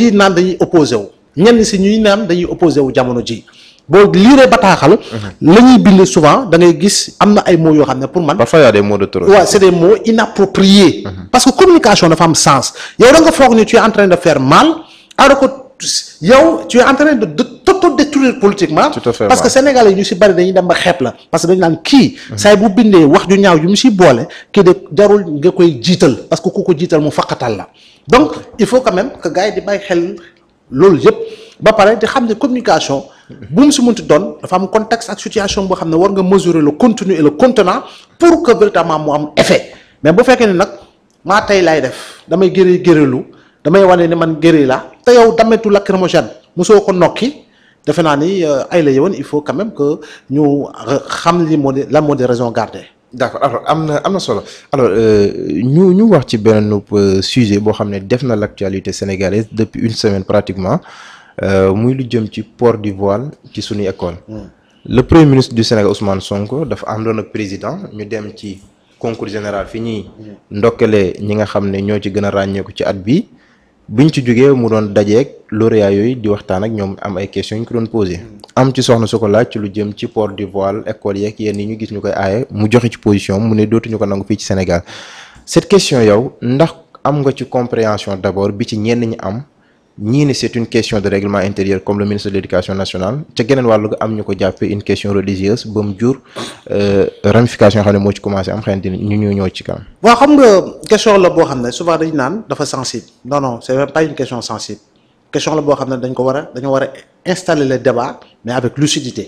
ji naan dañuy opposé ñenn si ñuy naan dañuy opposé jamono ji boo liiree bataaxal. Mhm. la ñuy souvent da ngay gis am na ay mots yoo xam ne pour man. parfois y a des de trop. waaw c' est des mots mhm. parce que communication dafa am sens. yow da foog ni tu es de faire mal alors yow tu es en train de de politiquement. tout à fait parce que sénégalais yi ñu si bari dañuy dem ba xeeb la parce que dañu naan kii. saay bu bindee wax ju ñaaw yu mu si boole kii de jarul nga koy jiital parce que ku ko jiital mu faqatal la donc il faut quand même que gars yi di bàyyi xel loolu yëpp ba pare di xam ne communication. bu mu si ti doon dafa am contexte ak situation boo xam ne war nga mesurer le contenu et le contenant pour que véritablement mu am effet mais bu fekkee ne nag maa tey laay def damay gërë gërëlu damay wane ne man gërë la te yow dametu lacrymogène mosoo ko nokki defe naa ni euh, ay la yowoon il faut quand même que ñu xam li moo di lan moo raison garder. d'accord alors am na am na solo alors euh, ñu ñu wax ci benn euh, sujet boo xam ne def na l'actualité sénégalaise depuis une semaine pratiquement muy lu jëm ci port du voile ci suñu école. Hmm. le premier ministre du Sénégal Ousmane Sonko dafa am àndoon ak président ñu dem ci concours général fi ñi hmm. ndokkalee ñi nga xam ne ñoo ci gën a ràññeeku ci at bi bi ñu ci jógee mu doon dajeeg lauréat yooyu di waxtaan ak ñoom am ay questions ñu ko doon posé am ci soxna su ko laaj ci lu jëm ci port du voile école yeeg yéen yi ñu gis ñu koy aaye mu joxe ci position mu ne dootuñu ko nangu fii ci Sénégal cette question yow ndax am nga ci compréhension d'abord bi ci ñenn ñi am ñii ne c'est une question de règlement intérieur comme le ministre de l'éducation nationale ca geneen wàllu ga am ñu ko jàppee une question religieuse ba mu jur euh, ramification xam ne moo ci commencé am xëy na ñu ñu ñëw ci kanam. waaw xam nga question la boo xam ne souvent dañu naan dafa sensible non non c'est même pas une question sensible question la boo xam ne dañ ko war a dañu war a installer le débat mais avec lucidité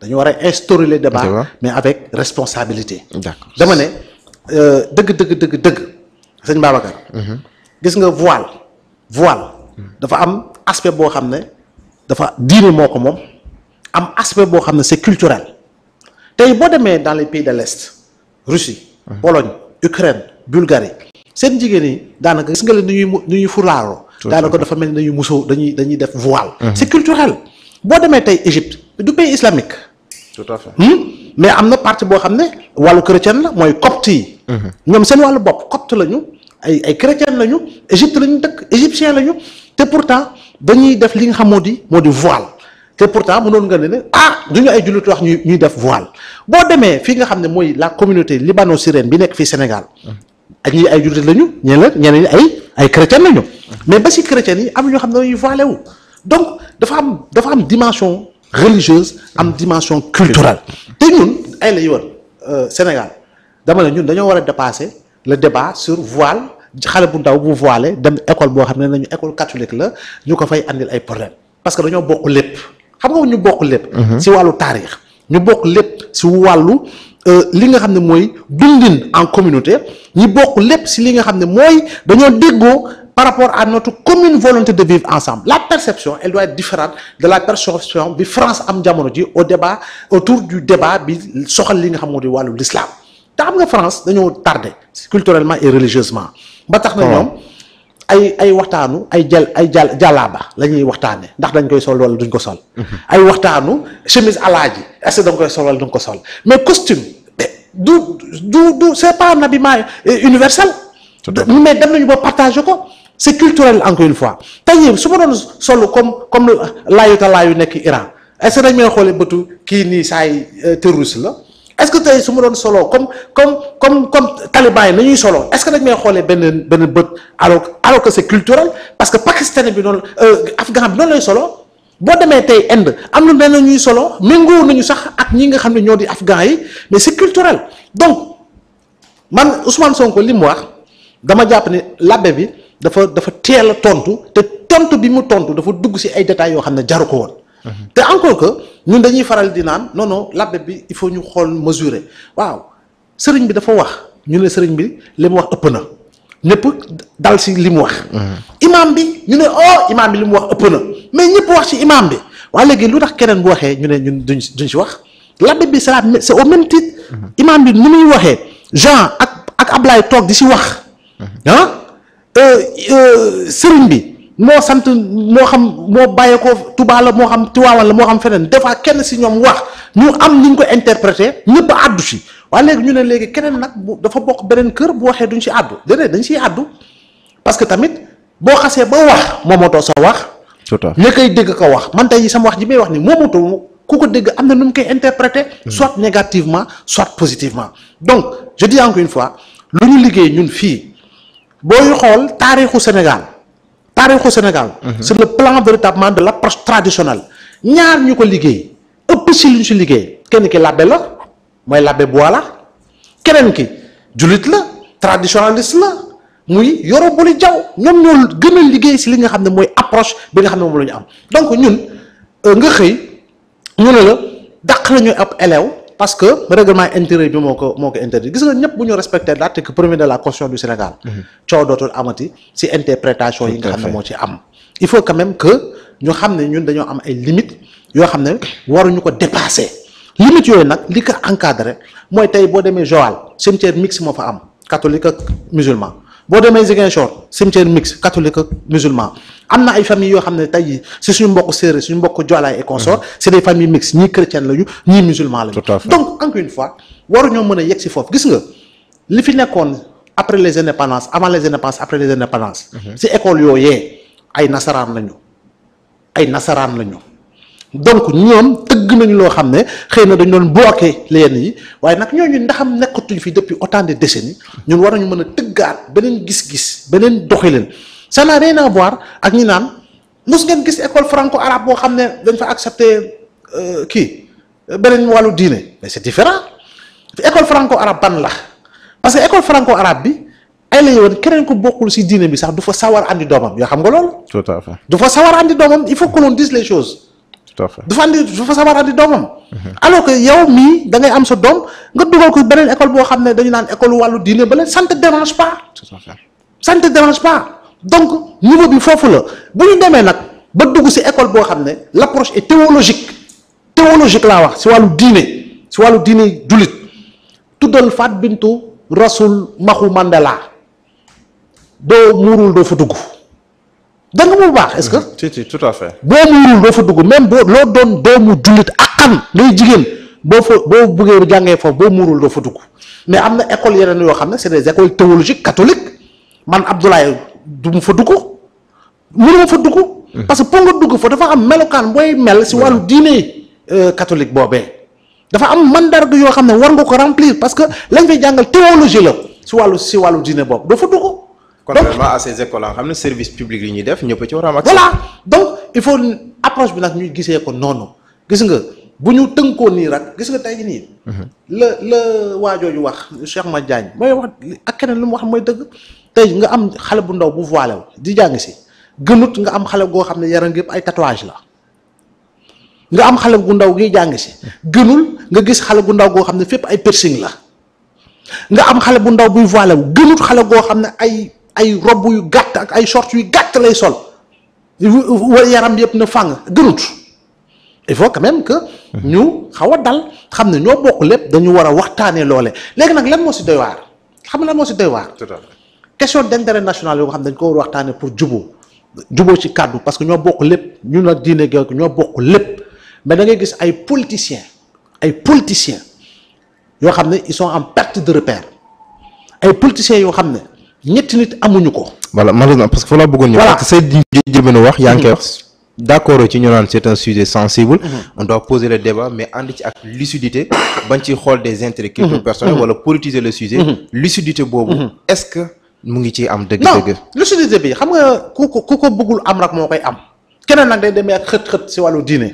dañu war a instaurer le débat mais avec responsabilité. d'accord dama ne euh, dëgg dëgg dëgg dëgg sëñ Babacar. Mhm. gis nga voile dafa am aspect boo xam ne dafa diine moo ko moom am aspect boo xam ne c'est culturel tey boo demee dans les pays de l'Est Russie Pologne Ukraine Bulgarie seen jigéen yi daanaka gis nga leen ni ñuy ni daanaka dafa mel ni dañuy musoo dañuy dañuy def voile mhm. c'est culturel boo demee tey Égypte du pays islamique tout à hmm? mais am na partie boo xam ne wàllu chrétien la mooy copte yi mhm. ñoom seen wàllu bopp copte lañu ay ay chrétien lañu Égypte lañu dëkk égyptien lañu te pourtant dañuy def li nga xam moo di moo di voile te pourtant noonu nga ne ne ah du ñu ay jullit wax ñuy def voile boo demee fii nga xam ne mooy la communauté libano-syrienne bi nekk fii Sénégal ak ñi ay jullit lañu ñeneen ñeneen ñi ay ay chrétien lañu mais ba si chrétien yi am ñoo xam ne dañuy voilé donc dafa am dafa am dimension religieuse am dimension culturelle te ñun ay la yoon euh, Sénégal dama ne ñun dañoo war a dépasser le débat sur voile. xale bu ndaw bu voilé dem école boo xam ne nañu école catholique la ñu ko fay andil ay problème parce que dañoo bokk lépp xam nga ñu bokk lépp. si mhm. wàllu taarix ñu bokk lépp si wàllu euh, li nga xam ne mooy dundin en communauté ñi bokk lépp si li nga xam ne mooy dañoo déggoo. par rapport à notre commune volonté de vivre ensemble la perception elle doit être différente de la perception bi France am jamono ji au débat autour du débat bi soxal li nga xam moo di wàllu l'islam te am nga France dañoo tardé culturellement et religieusement. ba tax na ah. ñoom ay ay waxtaanu ay jël ay jàll jàllaaba la ñuy waxtaanee ndax dañ koy sol wala duñ ko sol. Mhm. ay waxtaanu chemise alaaji est-ce que dañ koy sol wala duñ ko sol mais costume eh, du du du na bi un habillement universel. mais dem nañu ba partagé ko. c'est culturel encore une fois tey su ma doon solu comme comme laayuta laayu nekk Iran est-ce dañ may xoolee bëtu kii nii saay euh, terroriste la. est-ce que tey su ma doon solo comme comme comme comme taliban yi nañuy solo est-ce que dañ may xoolee benn benn bët alors alors que c'est culturel parce que pakistanais bi noonu euh, afghan bi noonu lay solo boo demee tey Inde am na benn ñuy solo méngoo nañu sax ak ñi nga xam ne ñoo di afghan yi mais c'est culturel donc man Ousmane Sonko li mu wax dama jàpp ne labbe bi dafa dafa teel a tontu te tontu bi mu tontu dafa dugg ci ay détails yoo xam ne jaru ko woon. te encore que ñun dañuy faral di naan non non bi il faut ñu xool mesurer waaw sëriñ bi dafa wax ñu ne sëriñ bi li mu wax ëpp na ñëpp dal si li mu wax. Mhm. imaam bi ñu ne oh imaam bi li mu wax ëpp na mais ñëpp wax ci imaam bi waaye léegi lu tax keneen bu waxee ñu ne ñun duñ duñ si wax labbe bi c'est la au même titre. Mhm. imaam bi ni muy waxee Jean ak ak Ablaye toog di si wax. Mhm. Ah? Euh, euh, sëriñ bi. moo sant moo xam moo bàyyeekoo Touba la moo xam Tiwaawan la moo xam feneen des kenn si ñoom wax ñu am ni ñu ko interprété ñëpp a àddu si waaye léegi ñu ne léegi keneen nag dafa bokk beneen kër bu waxee duñ si àddu déedéet dañu siy àddu parce que tamit boo xasee ba wax moom moomatoo sa wax. tout à ña koy dégg ko wax man tey sama wax ji may wax ni moomatoo ku ko dégg am na nu mu koy interprété. Hmm. soit négativement soit positivement. donc je dis encore fois lu ñu liggéey ñun fii booy xool taarixu Sénégal. taarixu Sénégal. Mhm. c'est le plan véritablement de l'approche traditionnelle ñaar ñu ko liggéey ëpp si lu ñu si liggéey kenn ki labbe la mooy labbe Boala keneen ki jullit la traditionnaliste la muy Yoro Buli Diaw ñoom ñoo gën a liggéey si li nga xam ne mooy approche bi nga xam ne moom la ñu am donc ñun euh, nga xëy ñu ne la dàq nañu ab élève parce que règlement intérieur bi moo ko moo ko interdit gis nga ñëpp bu ñu respecté l'article premier de la constitution du Sénégal. Mhm. coow dootul amati ci interprétation yi nga xam ne moo ci am. il faut quand même que ñu xam ne ñun dañoo am ay limites yoo xam ne waruñu ko dépasser limites yooyu nag li ko encadré mooy tey boo demee Joal cimetière mixte moo fa am catholique ak musulman. boo demee Ziguinchor cimetière mixte catholique ak musulman am na ay familles yoo xam ne tey jii si suñu mbokk séeréer suñu mbokk joolaay et consort mhm. c' est des familles mixtes ñii chrétiennes lañu ñii musulman lañu donc encore une fois ñoo mën a yegg si foofu gis nga li fi nekkoon après les indépendances avant les indépendances après les indépendances mhm. si école yooyee ay nasaraan lañu ay nasaraan lañu donc ñoom tëgg nañu loo xam ne xëy na dañu doon bloqué leen yi waaye nag ñooñu ndaxam nekkatuñu fi depuis autant de décennies ñun war nañu mën a tëggaat beneen gis-gis beneen doxalin ça n'a rien à voir ak ñi naan mos ngeen gis école franco arabe boo xam ne dañ fa accepté euh, kii beneen wàllu diine mais c'est différent école franco arabe ban la parce que école franco arabe bi. ay la yoon keneen ko bokkul ci diine bi sax du fa sawar andi doomam yoo xam nga dafa andi dafa sabar andi doomam. alors que yow mii da ngay am sa doom nga dugal ko beneen école boo xam ne dañu naan école wàllu diine ba leen ça ne te dérange pas. ça ne te dérange pas donc niveau bi foofu la bu ñu demee nag ba dugg si école boo xam ne l' approche est théologique théologique laa wax si wàllu diine si wàllu diine jullit tuddal Fatou Bintou Rasoul Maxu Mandela doo muurul doo fa dugg. danga mu baax est-ce que. si si tout à fait. boo muurul doo fa dugg même boo loo doon doomu jullit akam lay jigéen boo fa boo buggee jàngee foofu boo muurul doo fa dugg am na école yeneen yoo xam ne c'est des écoles théologiques catholiques man Abdoulaye du mu fa dugg mënuma fa dugg. parce que pour nga dugg fa dafa am melokaan booy mel si wàllu diine euh, catholique boobee. dafa am mandarga yoo xam ne war nga ko remplir parce que lañ fay jàngal théologie la si wàllu si wàllu diine boobu doo fa dugg. contrairement à ces écoles xam ne service public li ñuy def ñëpp ci war a am accès. voilà il faut approche bi nag ñu gisee ko noonu gis nga bu ñu tënkoon nii rek gis nga tey nii. la mhm. la waajooju wax Cheikh Ma Diagne mooy keneen lu mu wax mooy dëgg tey nga am xale bu ndaw bu voilé di jàng si gënut nga am xale goo xam ne yaram yëpp ay tatouage la. am xale gu ndaw gi jàng si gënul nga gis xale bu ndaw goo xam ne fépp ay piercing la nga am xale bu ndaw buy voilé wu gënut xale goo xam ne ay ay robb yu gàtt ak ay short yu gàtt lay sol wala yaram yëpp na fàng gënut il faut quand même que ñu xaw a dal xam ne ñoo bokk lépp dañu war a waxtaanee loole léegi nag lan moo si doy waar xam nga lan moo si doy waar question d'intérêt national yoo xam ne dañ ko war a waxtaanee pour juboo juboo ci kàddu parce que ñoo bokk lépp ñu nag diine geek ñoo bokk lépp mais da ngay gis ay politiciens ay politiciens yoo xam ne ils sont en perte de repère ay politiciens yoo xam ne ñetti nit amuñu ko. voilà malheureusement parce que fa la bëggoon ñëw. voilà say jëmën wax yaa ngi koy wax. d' accord ci ñu naan c' est un sujet sensible. Mhm. on doit poser débat mais ànd ci ak lucidité bañ ci xool des intérêts mhm. culturels mhm. wala politiser le sujet. lucidité boobu. est ce que mu ngi ciy am. dëgg dëgg non bi xam nga ku ko ku ko bëggul am rek moo koy am. keneen nag day demee ak xët-xët si wàllu diine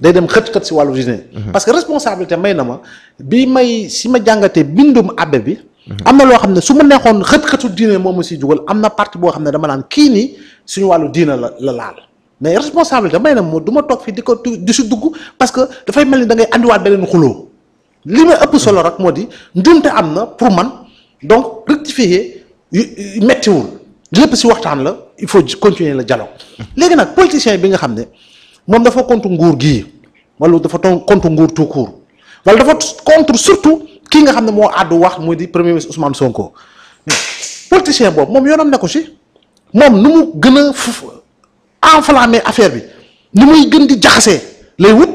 day dem xët-xët si wàllu diine. parce que responsabilité may na ma bi may si ma jàngatee bindum abbé bi. am na loo xam ne su ma neexoon xët-xëtu diine moom ma si jugal am na parti boo xam ne dama naan kii nii suñu wàllu diine la la laal mais responsabilité may na moo du ma toog fii di ko di si dugg parce que dafay ni da ngay andiwaat beneen li ma ëpp solo rek moo di njuumte am na pour donc rectifier mettiwul lépp si waxtaan la il faut continuer le dialogue léegi nag politicien bi nga xam ne moom dafa contre nguur gii wala dafa contre nguur tout court wala dafa contre surtout kii nga xam ne moo àddu wax muy di premier ministre Ousmane Sonko mais politicien boobu moom yoonam nekku si moom nu mu gën a enflammé affaire bi ni muy gën di jaxasee lay wut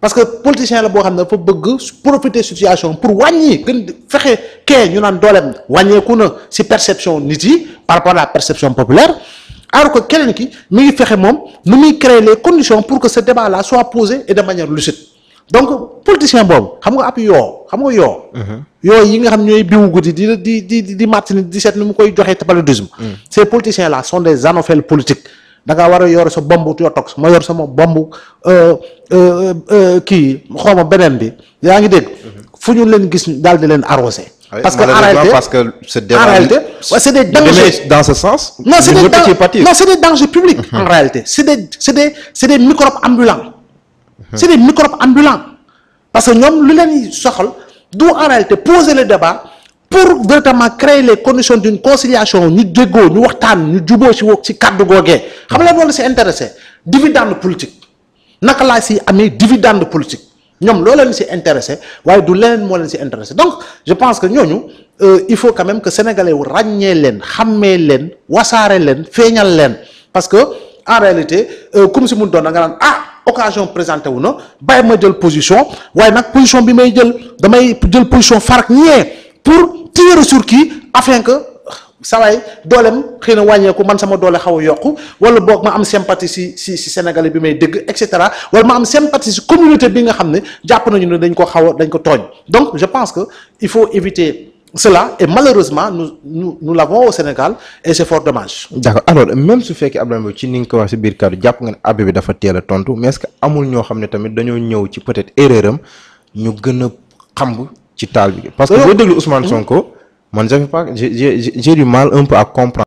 parce que politicien la boo xam ne dafa bëgg profiter situation pour wàññi gën di fexe kee ñu naan dooleem wàññeeku na si perception nit yi par rapport à la perception populaire alors que keneen ki mu ngi fexe moom nu muy créer les pour que ce débat là soit posé et de manière donc politicien boobu xam nga ab yoo xam nga yoo. Mhm. yoo yi nga xam ñooy biwu guddi di di di di màtt ni di seet mu koy joxee te paludisme. Mhm. ces la là sont des anophèles politiques da ngaa war a yor sa bomb yoo toog ma yor sama bomb euh, euh, euh, kii xaw ma beneen bi yaa ngi dégg. Mhm. fu ñu leen gis daal di leen arrosé. Ah parce que en réalité que ce débat en réalité c'est des dangers dans ce sens. en réalité c'est des c'est des c'est des c'est des microbes ambulants parce que ñoom lu leen soxla du en réalité poser le débat pour véritablement créer les conditions d'une conciliation ñu déggoo ñu waxtaan ñu juboo ci woo ci kàddu googee xam nga loolu si intéressé dividende politique naka laa si amee dividende politique ñoom loo leen si intéressé waaye du leen moo leen si intéressé donc je pense que ñooñu euh, il faut quand même que sénégalais wu ràññee leen xàmmee leen wasaare leen feeñal leen parce que en comme euh, si mun doon nga naan ah, occasion présenté wu na bàyyi ma jël position waaye nag position bi may jël damay jël position farak ñee pour tirer sur kii afin que sawaay doolem xëy na wàññeeku man sama doole xaw a yokku wala boog ma am sympathie si si si sénégalais bi may dégg et cetera wala ma am sympathie si communauté bi nga xam ne jàpp nañu ne dañ ko xaw dañ ko tooñ donc je pense que il faut éviter cela et malheureusement nous nous nous l'avons au Sénégal et c'est fort dommage. d'accord alors même su fekkee Abdoulaye Mbow ci ni nga ko wax ci biir kàddu jàpp nga ne abbé bi dafa teel a tontu mais est-ce que amul ñoo xam ne tamit dañoo ñëw ci peut-être erreur ñu gën a xamb ci taal bi. parce que boo déglu Ousmane mmh. Sonko man j'avais pas j'ai j'ai du mal un peu à comprendre.